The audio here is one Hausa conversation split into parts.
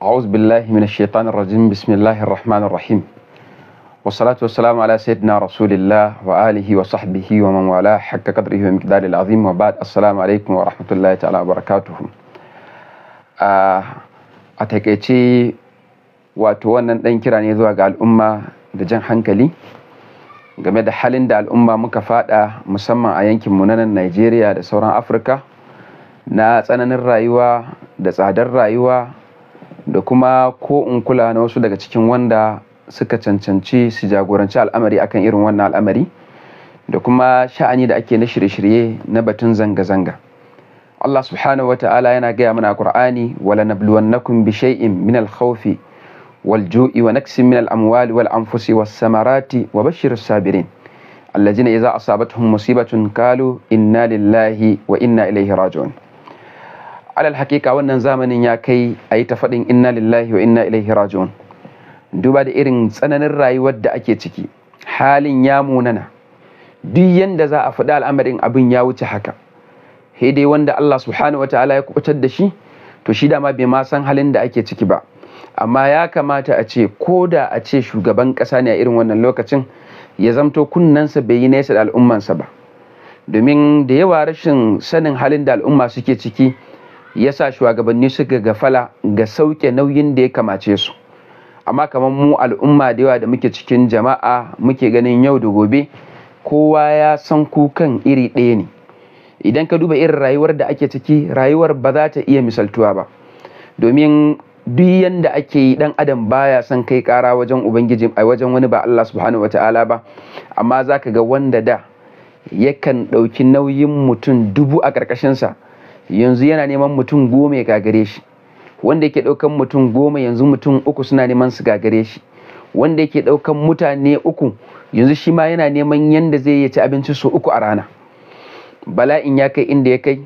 أعوذ بالله من الشيطان الرجيم بسم الله الرحمن الرحيم والصلاة والسلام على سيدنا رسول الله وآله وصحبه ومن والاه حق قدره ومقداره العظيم وبعد السلام عليكم ورحمة الله تعالى وبركاته a takaice wato wannan ɗan kira ne zuwa ga al'umma da jan hankali game da halin da al'umma muka faɗa musamman a yankin mu na nan Najeriya da sauran Afirka na tsananin rayuwa da tsadar rayuwa da kuma ko in kula na wasu daga cikin wanda suka cancanci su jagoranci al'amari akan irin wannan al'amari da kuma sha'ani da ake na shirye-shirye na batun zanga-zanga Allah subhanahu wa ta'ala yana gaya mana Qur'ani wala nabluwannakum bi shay'in min al-khawfi wal ju'i wa naqsin min al-amwali wal anfusi was samarati wa bashshir as-sabirin alladhina idza asabatuhum musibatun qalu inna lillahi wa inna ilayhi raji'un alal hakika wannan zamanin ya kai a yi ta faɗin inna lillahi wa inna ilaihi raji'un duba da irin tsananin rayuwar da ake ciki halin ya munana duk yadda za a faɗi al'amarin abin ya wuce haka dai wanda Allah subhanahu wataala ya kubutar da shi to shi dama bai ma san halin da ake ciki ba amma ya kamata a ce ko da a ce shugaban ƙasa ne a irin wannan lokacin ya zamto sa bai yi nesa da al'ummansa ba domin da yawa rashin sanin halin da al'umma suke ciki ya sa shugabanni suka gafala ga sauke nauyin da ya kamace su amma kamar mu al'umma da yawa da muke cikin jama'a muke ganin yau da gobe kowa ya san kukan iri ɗaya ne idan ka duba irin rayuwar da ake ciki rayuwar ba za ta iya misaltuwa ba domin duk yanda ake yi dan adam baya son kai kara wajen ubangiji a wajen wani ba Allah subhanahu wataala ba amma za ka ga wanda da yakan ɗauki nauyin mutum dubu a ƙarƙashinsa yanzu yana neman mutum goma ya gagare shi wanda yake ɗaukan mutum goma yanzu mutum uku suna neman su gagare shi wanda yake ɗaukan mutane uku yanzu shi ma yana neman yanda zai yi ci abinci so uku a rana bala'in ya kai inda ya kai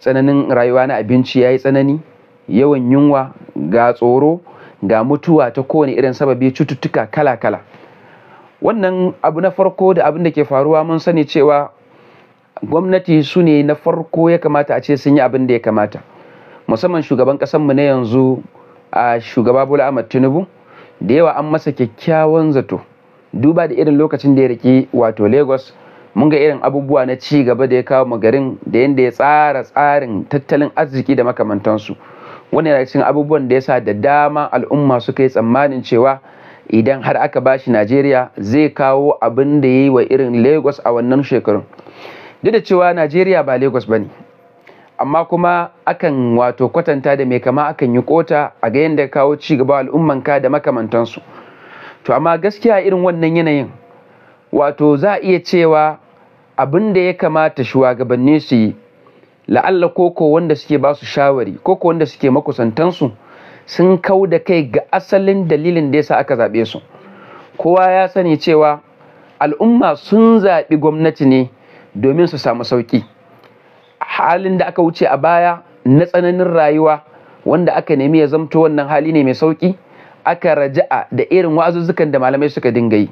tsananin rayuwa na abinci ya yi tsanani yawan yunwa ga tsoro ga mutuwa ta kowane irin sababi cututtuka kala-kala wannan abu na farko da abin da ke faruwa mun sani cewa gwamnati su ne na farko ya kamata a ce sun yi abin da ya kamata musamman shugaban mu na yanzu a shugaba bola ahmad tinubu da yawa an masa kyakkyawan zato duba da irin lokacin da ya riki wato lagos mun ga irin abubuwa na ci gaba da ya kawo mu garin da yadda ya tsara tsarin tattalin arziki da makamantansu wani yana cikin abubuwan da ya sa da dama al'umma suka yi tsammanin cewa idan har aka bashi najeriya zai kawo abin da ya yi wa irin lagos a wannan shekarun duk da cewa najeriya ba lagos ba ne amma kuma akan wato kwatanta da mai kama akan yi kota a ga yadda kawo ci gaba ka da makamantansu to amma gaskiya irin wannan yanayin wato za a iya cewa abin da ya kamata shugabanni su yi la'alla koko wanda suke ba su shawari koko wanda suke makusantansu sun kau da kai ga asalin dalilin da yasa aka zaɓe su kowa ya sani cewa al'umma sun zaɓi gwamnati ne domin su samu sauƙi halin da aka wuce a baya na tsananin rayuwa wanda aka nemi ya zamto wannan hali ne mai sauƙi aka raja'a da irin wa'azuzzukan da malamai suka dinga yi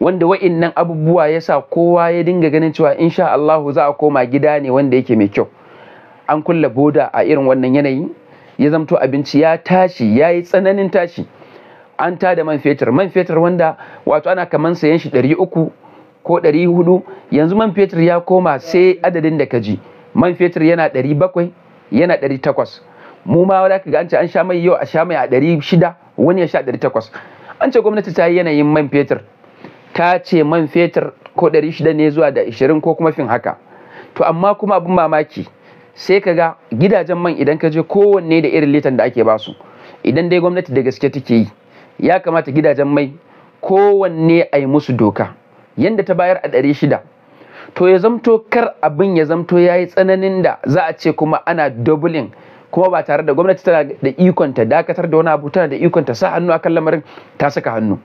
wanda wa'innan abubuwa ya sa kowa ya dinga ganin cewa insha Allah za a koma gida ne wanda yake mai kyau an kulle boda a irin wannan yanayi ya zamto abinci ya tashi ya yi tsananin tashi an tada man fetur man fetur wanda wato ana kaman sayan shi ɗari uku ko ɗari hudu yanzu man fetur ya koma sai adadin da ka ji man fetur yana 700 yana 800 mu ma za ka ga an ce an sha mai yau a sha mai a 600 wani ya sha 800 an ce gwamnati ta yi yanayin man fetur ta ce man fetur ko 600 ne zuwa da 20 ko kuma fin haka to amma kuma abin mamaki sai ka ga gidajen man idan ka je kowanne da irin litan da ake basu idan dai gwamnati da gaske take yi ya kamata gidajen mai kowanne a yi musu doka yadda ta bayar a ɗari shida to ya zamto kar abin ya zamto ya yi tsananin da za a ce kuma ana doubling kuma ba tare da gwamnati tana da ikonta, dakatar da wani abu tana da ikonta, sa hannu akan lamarin ta saka hannu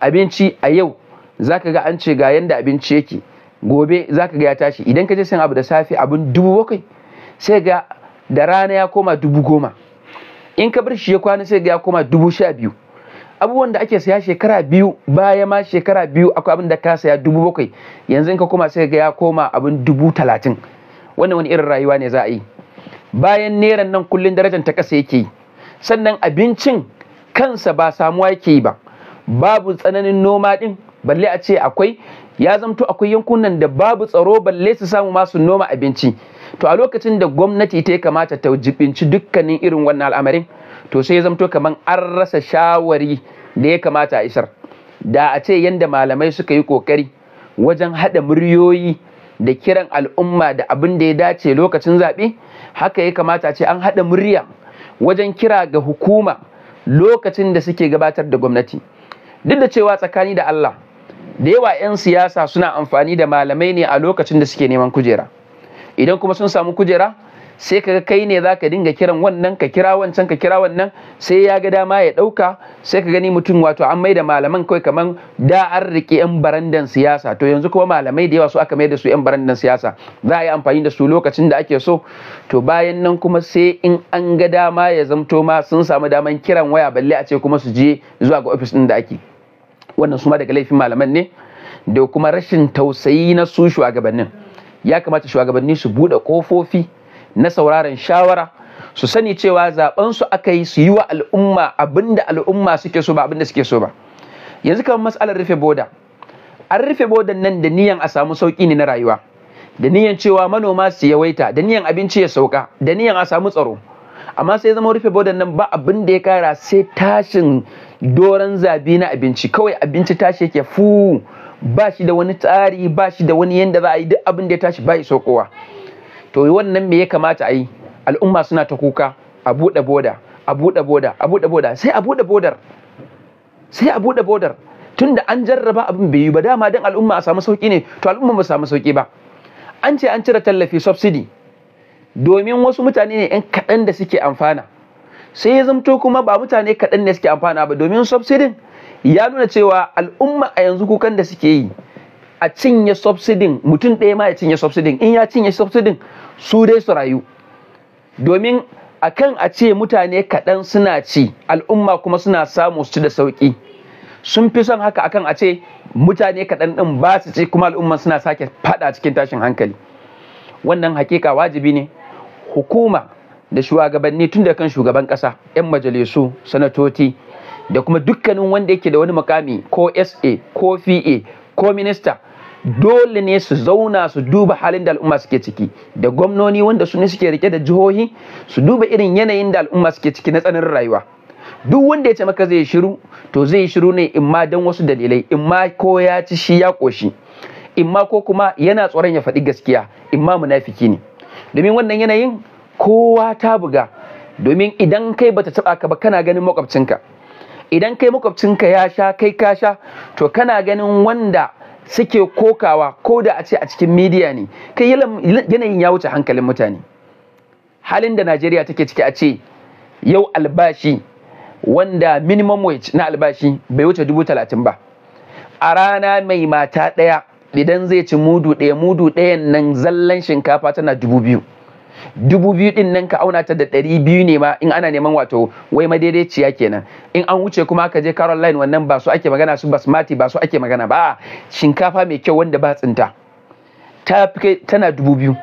abinci a yau zaka ga an ce ga yanda abinci yake gobe zaka ga ya tashi idan ka je sayan abu da safe abin dubu bakwai sai ga da rana ya koma dubu goma in ka bar shi ya kwana sai ga ya koma dubu sha biyu abubuwan da ake saya shekara biyu baya ma shekara biyu akwai abin da ka saya dubu bakwai yanzu in ka koma sai ga ya koma abin dubu talatin wannan wani irin rayuwa ne za a yi bayan neran nan kullun darajar ta ƙasa yake yi sannan abincin kansa ba samuwa yake yi ba babu tsananin noma din balle a ce akwai ya zamto akwai yankunan da babu tsaro balle su samu masu noma abinci to a lokacin da gwamnati ta kamata ta jibinci dukkanin irin wannan al'amarin to sai ya zamto kamar an rasa shawari da ya kamata a isar da a ce yadda malamai suka yi kokari wajen haɗa muryoyi da kiran al'umma da abin da ya dace lokacin zaɓe haka ya kamata ce an haɗa murya wajen kira ga hukuma lokacin da suke gabatar da gwamnati duk da cewa tsakani da Allah da yawa 'yan siyasa suna amfani da malamai ne a lokacin da suke neman kujera idan kuma sun samu kujera sai kaga kai ne za ka dinga kiran wannan ka kira wancan ka kira wannan sai ya ga dama ya dauka sai ka gani mutum wato an maida malaman kawai kaman da an rike yan barandan siyasa to yanzu kuma malamai da yawa su aka maida su yan barandan siyasa za a yi amfani da su lokacin da ake so to bayan nan kuma sai in an ga dama ya zamto ma sun samu daman kiran waya balle a ce kuma su je zuwa ga ofis din da ake wannan su ma daga laifin malaman ne da kuma rashin tausayi na su shugabannin ya kamata shugabanni su buɗe kofofi? na sauraron shawara su sani cewa zaben su aka yi su yi wa al'umma abinda al'umma suke so ba abinda suke so ba yanzu kamar matsalar rufe boda an rufe bodan nan da niyan a samu sauki ne na rayuwa da niyan cewa manoma su yawaita da niyan abinci ya sauka da niyan a samu tsaro amma sai zama rufe bodan nan ba abin da ya kara sai tashin doron zabi na abinci kawai abinci tashi yake fu ba shi da wani tsari ba shi da wani yanda za a yi duk abin da ya tashi ba ya saukowa to wannan me ya kamata a yi al'umma suna ta kuka a buɗe boda a buɗe boda a buɗe boda sai a buɗe bodar sai a buɗe bodar tunda an jarraba abin bai yi ba dama dan al'umma a samu sauki ne to al'umma ba samu sauki ba an ce an cire tallafi subsidy domin wasu mutane ne 'yan kaɗan da suke amfana sai ya zamto kuma ba mutane kaɗan ne suke amfana ba domin subsidin ya nuna cewa al'umma a yanzu kukan da suke yi a cinye subsidin mutum ɗaya ma ya cinye subsidin in ya cinye subsidin su dai su rayu domin a kan a ce mutane kaɗan suna ci al'umma kuma suna samu su ci da sauƙi sun fi son haka akan a ce mutane kaɗan ɗin ba su ci kuma al'umma suna sake faɗa cikin tashin hankali wannan hakika wajibi ne hukuma da shugabanni tun da kan shugaban ƙasa 'yan majalisu sanatoci da kuma dukkanin wanda yake da wani mukami ko sa ko fa ko minista dole ne su zauna su duba halin da al'umma suke ciki da gwamnoni wanda su ne suke rike da jihohi su duba irin yanayin da al'umma suke ciki na tsananin rayuwa duk wanda ya ce maka zai shiru to zai shiru ne in ma dan wasu dalilai in ma ko ya ci shi ya koshi in ma ko kuma yana tsoron ya faɗi gaskiya in ma munafiki ne domin wannan yanayin kowa ta buga domin idan kai bata taba ka ba kana ganin makwabcinka idan kai makwabcinka ya sha kai ka sha to kana ganin wanda suke kokawa ko da a ce a cikin media ne kai yanayin ya wuce hankalin mutane halin da najeriya take ciki a ce yau albashi wanda minimum wage na albashi bai wuce dubu talatin ba a rana mai mata ɗaya idan zai ci mudu ɗaya mudu ɗayan nan zallan shinkafa tana dubu biyu dubu biyu din nan ka auna ta da ɗari biyu ne ma in ana neman wato wai madaidaiciya kenan in an wuce kuma ka je line wannan ba su ake magana su basmati ba su ake magana ba shinkafa mai kyau wanda ba tsinta ta fi kai tana dubu biyu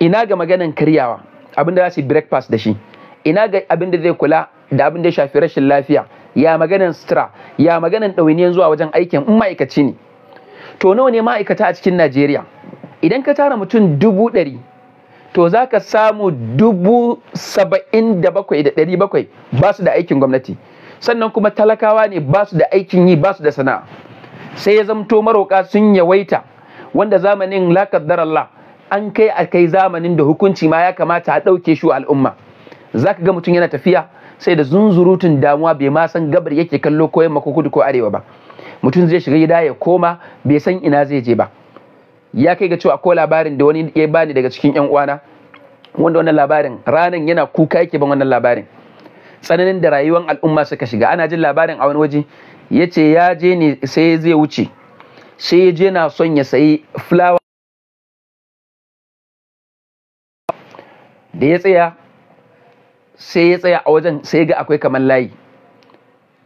ina ga maganan karyawa abin da za su yi breakfast da shi ina ga abin da zai kula da abin da ya shafi rashin lafiya ya maganan sutura ya maganan ɗawainiyan zuwa wajen aikin in ma'aikaci ne to nawa ne ma'aikata a cikin najeriya idan ka tara mutum dubu ɗari to za ka samu dubu saba'in da bakwai da ɗari bakwai ba su da aikin gwamnati sannan kuma talakawa ne ba su da aikin yi ba su da sana'a sai ya zamto maroƙa sun yawaita wanda zamanin lakaddar Allah an kai a kai zamanin da hukunci ma ya kamata a ɗauke shi al'umma za ka ga mutum yana tafiya sai da zunzurutun damuwa bai ma san gabar yake kallo ko yamma ko kudu ko arewa ba mutum zai shiga gida ya koma bai san ina zai je ba ya kai ga cewa akwai labarin da wani ya bani daga cikin yan uwana wanda wannan labarin ranan yana kuka yake ban wannan labarin tsananin da rayuwar al'umma suka shiga ana jin labarin a wani waje ya ce ya je ne sai zai wuce sai ya je na son ya sayi fulawa da ya tsaya sai ya tsaya a wajen sai ga akwai kamar layi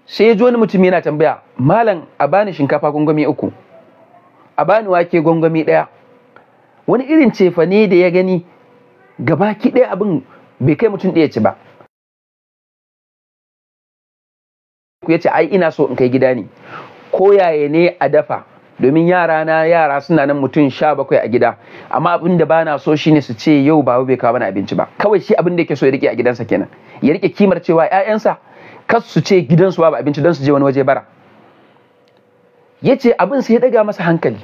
sai ya ji wani mutum yana tambaya malam a bani shinkafa gungumi uku a bani wake gwangwami ɗaya wani irin cefane da ya gani ki ɗaya abin bai kai mutum ɗaya ci ba ya yace ai ina so in kai gida ne ko yaya ne a dafa domin yara na yara suna nan mutum sha bakwai a gida amma abin da bana so shine su ce yau babu bai kawo mana abinci ba kawai shi abin da yake so ya rike a gidansa kenan ya rike kimar cewa 'ya'yansa kas su ce gidansu babu abinci don su je wani waje bara ya ce abin sai ya daga masa hankali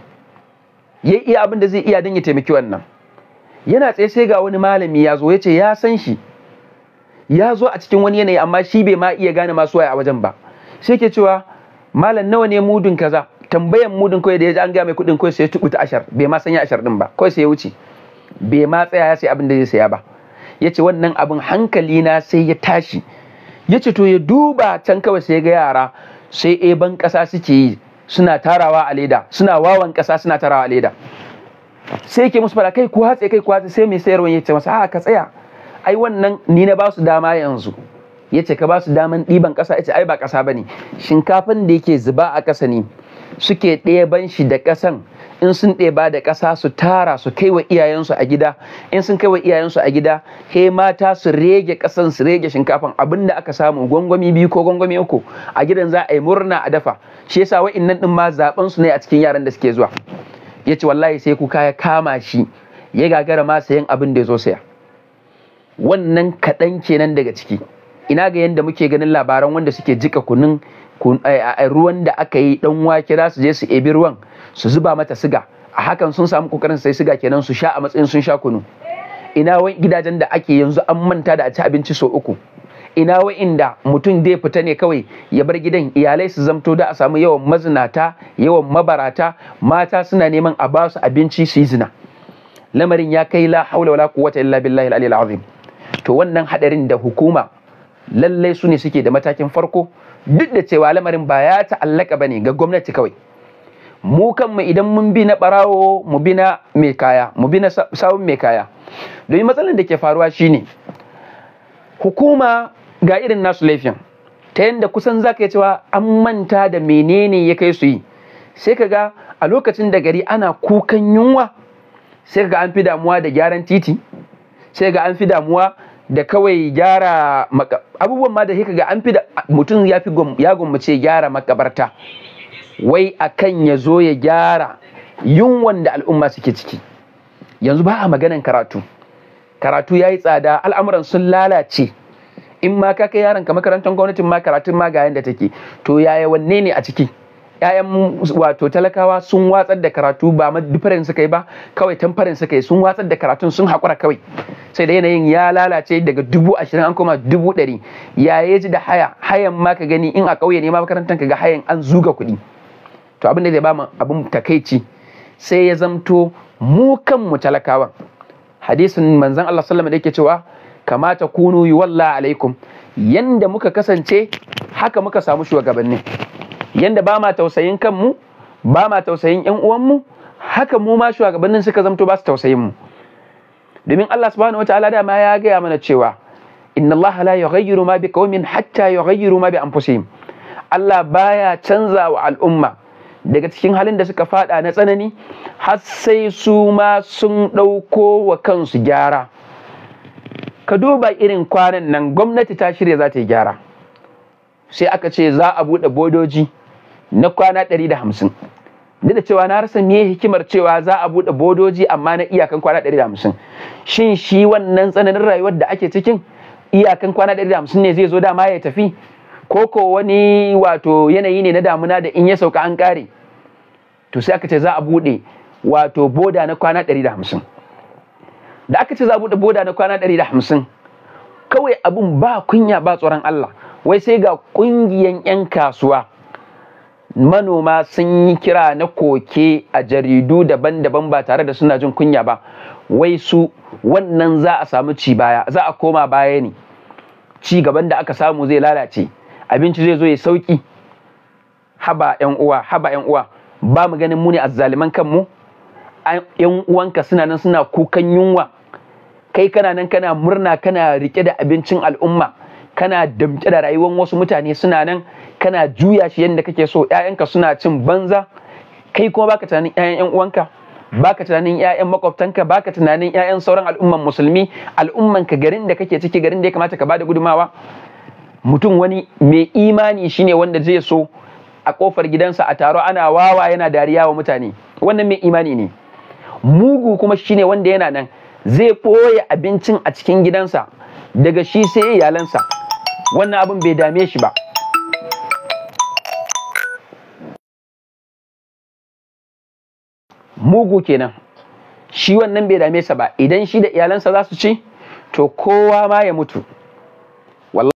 ya iya abin da zai iya don ya taimaki wannan yana tsaye sai ga wani malami ya zo ya ce ya san shi ya zo a cikin wani yanayi amma shi bai ma iya gane masu waya a wajen ba sai ke cewa malam nawa ne mudun kaza tambayan mudun kawai da ya ji an gaya mai kuɗin kawai sai ya ta ashar bai ma sanya ashar din ba kawai sai ya wuce bai ma tsaya ya sai abin da zai saya ba ya ce wannan abin hankali na sai ya tashi ya ce to ya duba can kawai sai ga yara sai eban ƙasa suke yi suna tarawa a leda suna wawan ƙasa suna tarawa a leda sai yake musu fara kai ku hatse kai ku hatse sai mai sayarwa ya ce masa a ka tsaya ai wannan ni na ba su dama yanzu ya ce ka ba su daman ɗiban kasa ya ce ai ba kasa ba ne shinkafan da yake zuba a kasa ne suke ɗeban shi da ƙasan in sun ɗeba da ƙasa su tara su kai wa iyayensu a gida in sun kai wa iyayensu a gida he mata su rege ƙasan su rege shinkafan abinda aka samu gwangwami biyu ko gwangwami uku a gidan za a yi murna a dafa shi yasa wa'annan din ma zaben su ne a cikin yaran da suke zuwa yace wallahi sai kuka ya kama shi ya gagara ma sayan abin da ya zo saya wannan kaɗan kenan daga ciki ina ga yadda muke ganin labaran wanda suke jika kunun eh, eh, eh, ruwan da aka yi dan wake za su je su ebi ruwan su zuba mata siga a hakan sun samu kokarin sai siga kenan su sha a matsayin sun sha kunu ina gidajen da ake yanzu an manta da a ci abinci sau uku ina wa'inda mutum dai fita ne kawai ya bar gidan iyalai su zamto da a samu yawan mazinata yawan mabarata mata suna neman a ba su abinci su yi zina lamarin ya kai la haula wala quwwata illa billahi al-ali azim to wannan hadarin da hukuma lallai su ne suke da matakin farko duk da cewa lamarin ba ya ta'allaka bane ga gwamnati kawai mu kanmu idan mun bi na barawo mu bi na mai kaya mu bi na sawun mai kaya domin matsalar da ke faruwa shine hukuma ga irin nasu laifin ta yadda kusan za ka yi cewa an manta da menene ya kai su yi sai ka ga a lokacin da gari ana kukan yunwa sai ka ga an fi damuwa da gyaran titi sai ga an fi damuwa da kawai gyara abubuwan ma da sai ka ga an fi da mutum ya fi ya gwammace gyara makabarta wai akan ya zo ya gyara yunwan da al'umma suke ciki yanzu ba a maganan karatu karatu ya yi tsada al'amuran sun lalace in ma ka kai yaron ka makarantar gwamnatin ma karatun ma ga yanda take to yaya wanne ne a ciki ‘ya'yan wato talakawa sun watsar da karatu ba ma dufarin suka yi ba kawai tamfarin suka yi sun watsar da karatun sun haƙura kawai sai da yanayin ya lalace daga dubu ashirin an koma dubu ɗari ya ji da haya hayan ma ka gani in a ƙauye ne ma makarantar ka ga hayan an zuga kuɗi to abin da zai ba mu abin takaici sai ya zamto mu kanmu talakawan hadisin manzon Allah sallallahu da yake cewa Kamata kunu kunu yuwalla alaikum yanda muka kasance haka muka samu shugabanni yanda ba ma tausayin kanmu ba ma tausayin yan uwanmu haka mu ma shugabannin suka zamto ba su tausayin mu domin Allah subhanahu wataala dama ya gaya mana cewa inna Allah la yughayyiru ma biqaumin hatta yughayyiru ma bi anfusihim Allah baya canza wa al'umma daga cikin halin da suka fada na tsanani har sai su ma sun ɗauko wa kansu gyara ka duba irin kwanan nan gwamnati ta shirya za ta yi gyara sai aka ce za a buɗe bodoji na kwana ɗari da hamsin duk da cewa na rasa me hikimar cewa za a buɗe bodoji amma na iyakan kwana ɗari da hamsin shin shi wannan tsananin rayuwar da ake cikin iyakan kwana ɗari da hamsin ne zai zo dama ya tafi ko ko wani wato yanayi ne na damuna da in ya sauka an ƙare to sai aka ce za a buɗe wato boda na kwana ɗari da hamsin da aka ce za a buɗe boda na kwana ɗari da hamsin kawai abun ba kunya ba tsoron Allah wai sai ga ƙungiyan 'yan kasuwa manoma sun yi kira na koke a jaridu daban-daban ba tare da suna jin kunya ba wai su wannan za a samu ci baya za a koma baya ne ci gaban da aka samu zai lalace abinci zai zo ya sauki haba yan uwa haba yan uwa ba mu ganin mu ne azzaliman kanmu yan uwanka suna nan suna kukan yunwa kai kana nan kana murna kana rike da abincin al'umma kana damke da rayuwar wasu mutane suna nan kana juya shi yadda kake so ƴaƴanka suna cin banza kai kuma baka tunanin ƴaƴan ƴan uwanka baka tunanin ƴaƴan makwabtanka baka tunanin ƴaƴan sauran al'umman musulmi al'umman ka garin da kake ciki garin da ya kamata ka bada gudumawa mutum wani mai imani shine wanda zai so a kofar gidansa a taro ana wawa yana dariya wa mutane wannan mai imani ne mugu kuma shine wanda yana nan zai ɓoye abincin a cikin gidansa daga shi sai iyalansa wannan abin bai dame shi ba mugu kenan shi wannan bai dame sa ba idan shi da iyalansa za su ci to kowa ma ya mutu